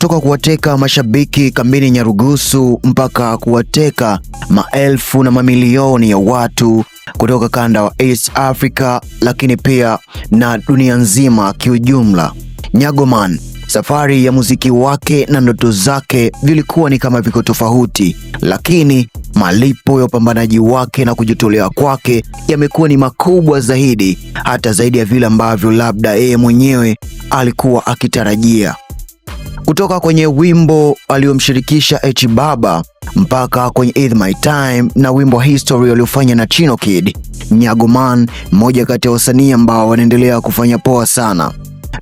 kutoka kuwateka mashabiki kambini Nyarugusu mpaka kuwateka maelfu na mamilioni ya watu kutoka kanda wa East Africa, lakini pia na dunia nzima kiujumla. Nyagoman safari ya muziki wake na ndoto zake vilikuwa ni kama viko tofauti, lakini malipo ya upambanaji wake na kujitolea kwake yamekuwa ni makubwa zaidi, hata zaidi ya vile ambavyo labda yeye mwenyewe alikuwa akitarajia kutoka kwenye wimbo aliyomshirikisha H Baba mpaka kwenye Eat My Time na wimbo History waliofanya na Chino Kid. Nyago Man, mmoja kati ya wasanii ambao wanaendelea kufanya poa sana.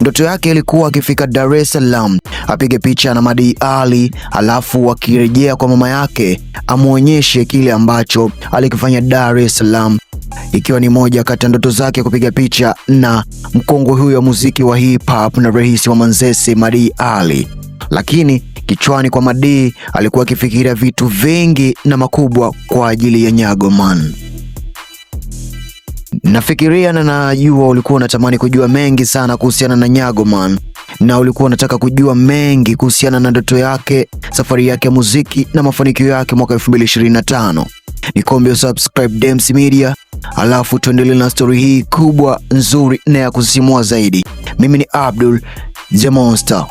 Ndoto yake ilikuwa akifika Dar es Salaam apige picha na Madi Ali, alafu akirejea kwa mama yake amwonyeshe kile ambacho alikifanya Dar es Salaam, ikiwa ni moja kati ya ndoto zake kupiga picha na mkongwe huyo wa muziki wa hip hop na rais wa Manzese Madi Ali lakini kichwani kwa madii alikuwa akifikiria vitu vingi na makubwa kwa ajili ya Nyagoman. Nafikiria na najua ulikuwa unatamani kujua mengi sana kuhusiana na Nyagoman na ulikuwa unataka kujua mengi kuhusiana na ndoto yake, safari yake ya muziki na mafanikio yake mwaka 2025. Nikombe subscribe Dems Media, alafu tuendelee na stori hii kubwa nzuri na ya kusisimua zaidi. Mimi ni Abdul The Monster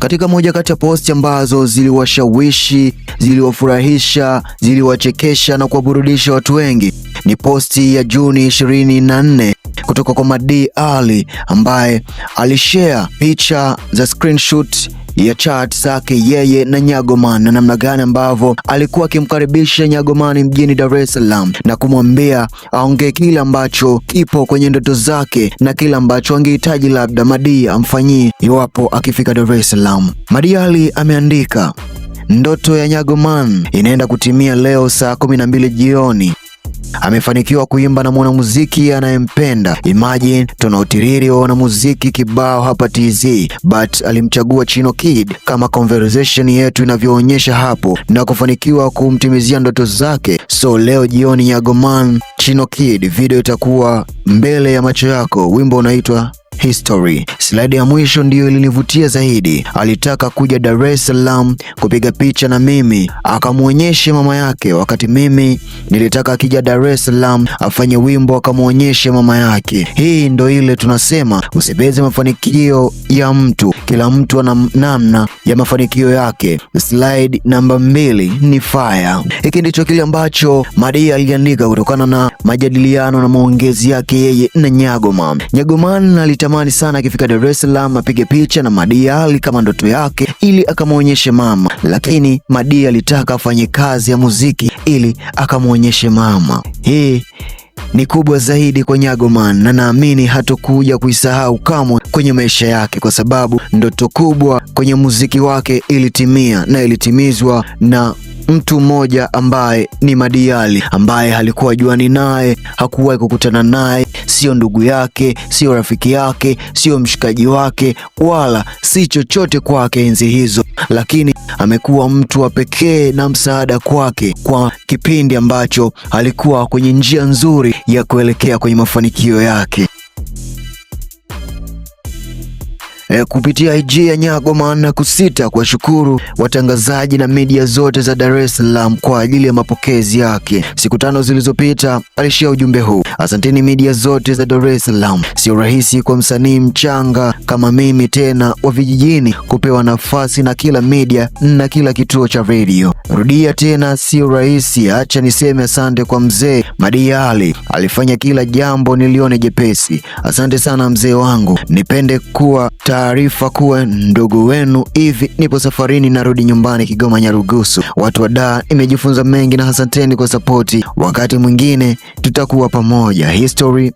katika moja kati ya posti ambazo ziliwashawishi, ziliwafurahisha, ziliwachekesha na kuwaburudisha watu wengi ni posti ya Juni 24 kutoka kwa Madi Ali ambaye alishare picha za screenshot ya chat zake yeye na Nyagoman na namna gani ambavyo alikuwa akimkaribisha Nyagoman mjini Dar es Salaam na kumwambia aongee kile ambacho kipo kwenye ndoto zake na kile ambacho angehitaji labda Madia amfanyie iwapo akifika Dar es Salaam. Madiali ameandika, ndoto ya Nyagoman inaenda kutimia leo saa 12 jioni amefanikiwa kuimba na mwanamuziki anayempenda. Imagine tuna utiriri wa wanamuziki kibao hapa TZ, but alimchagua Chino Kid kama conversation yetu inavyoonyesha hapo na kufanikiwa kumtimizia ndoto zake. So leo jioni ya Goman Chino Kid, video itakuwa mbele ya macho yako, wimbo unaitwa history. Slide ya mwisho ndiyo ilinivutia zaidi. Alitaka kuja Dar es Salaam kupiga picha na mimi, akamwonyeshe mama yake, wakati mimi nilitaka akija Dar es Salaam afanye wimbo, akamwonyeshe mama yake. Hii ndo ile tunasema usibeze mafanikio ya mtu, kila mtu ana namna ya mafanikio yake. Slide namba mbili ni fire. Hiki ndicho kile ambacho Madea aliandika kutokana na majadiliano na maongezi yake yeye na Nyagoman. Nyagoman alita alitamani sana akifika Dar es Salaam apige picha na Madia Ali kama ndoto yake, ili akamwonyeshe mama, lakini Madia alitaka afanye kazi ya muziki ili akamwonyeshe mama. Hii ni kubwa zaidi kwa Nyagoman na naamini hatokuja kuisahau kamwe kwenye maisha yake, kwa sababu ndoto kubwa kwenye muziki wake ilitimia na ilitimizwa na mtu mmoja ambaye ni Madiali, ambaye alikuwa juani naye, hakuwahi kukutana naye, sio ndugu yake, sio rafiki yake, sio mshikaji wake, wala si chochote kwake enzi hizo, lakini amekuwa mtu wa pekee na msaada kwake kwa kipindi ambacho alikuwa kwenye njia nzuri ya kuelekea kwenye mafanikio yake. e, kupitia IG ya Nyago maana kusita kuwashukuru watangazaji na media zote za Dar es Salaam kwa ajili ya mapokezi yake. Siku tano zilizopita alishia ujumbe huu: asanteni media zote za Dar es Salaam. Sio rahisi kwa msanii mchanga kama mimi tena wa vijijini kupewa nafasi na kila media na kila kituo cha redio. Rudia tena, sio rahisi. Acha niseme asante kwa mzee Madiali, alifanya kila jambo nilione jepesi. Asante sana mzee wangu, nipende kuwa ta taarifa kuwa ndugu wenu hivi nipo safarini narudi nyumbani Kigoma Nyarugusu. Watu wa Dar, nimejifunza mengi na hasanteni kwa sapoti. Wakati mwingine tutakuwa pamoja, History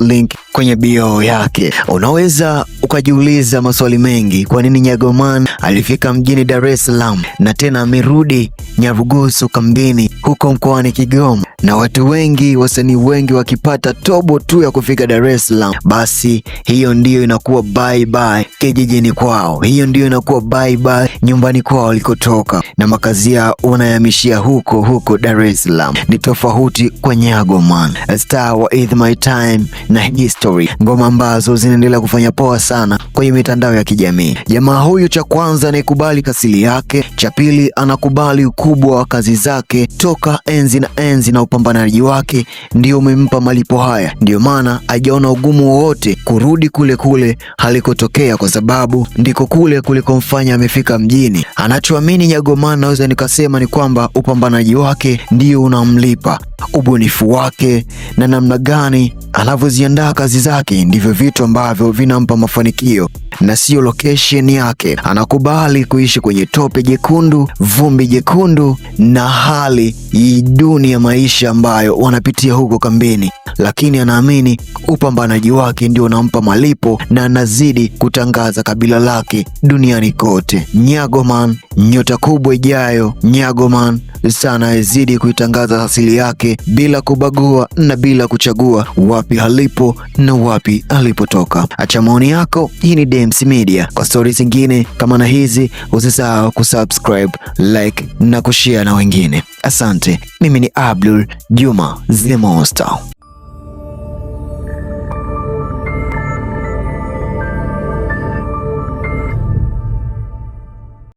link kwenye bio yake. Unaweza ukajiuliza maswali mengi, kwa nini Nyagoman alifika mjini Dar es Salaam na tena amerudi Nyarugusu kambini huko mkoani Kigoma? Na watu wengi, wasanii wengi wakipata tobo tu ya kufika Dar es Salaam, basi hiyo ndiyo inakuwa bye bye kijijini kwao, hiyo ndiyo inakuwa bye bye nyumbani kwao walikotoka, na makazi yao wanayamishia huko huko Dar es Salaam. Ni tofauti kwa Nyago Oman, Star wa It's My Time na History, ngoma ambazo zinaendelea kufanya poa sana kwenye mitandao ya kijamii. Jamaa huyu cha kwanza anayekubali kasili yake, cha pili anakubali ukubwa wa kazi zake toka enzi na enzi, na upambanaji wake ndio umempa malipo haya. Ndiyo maana hajaona ugumu wowote kurudi kule kule halikotokea, kwa sababu ndiko kule kulikomfanya amefika mjini. Anachoamini Nyagoman, naweza nikasema ni kwamba upambanaji wake ndio unamlipa, ubunifu wake zake na namna gani anavyoziandaa kazi zake ndivyo vitu ambavyo vinampa mafanikio na siyo location yake. Anakubali kuishi kwenye tope jekundu, vumbi jekundu na hali duni ya maisha ambayo wanapitia huko kambini lakini anaamini upambanaji wake ndio unampa malipo na anazidi kutangaza kabila lake duniani kote. Nyagoman, nyota kubwa ijayo. Nyagoman sana aizidi kuitangaza asili yake bila kubagua na bila kuchagua wapi alipo na wapi alipotoka. Acha maoni yako. Hii ni Dems Media. Kwa stori zingine kama na hizi, usisahau kusubscribe, like na kushare na wengine. Asante. Mimi ni Abdul Juma The Monster.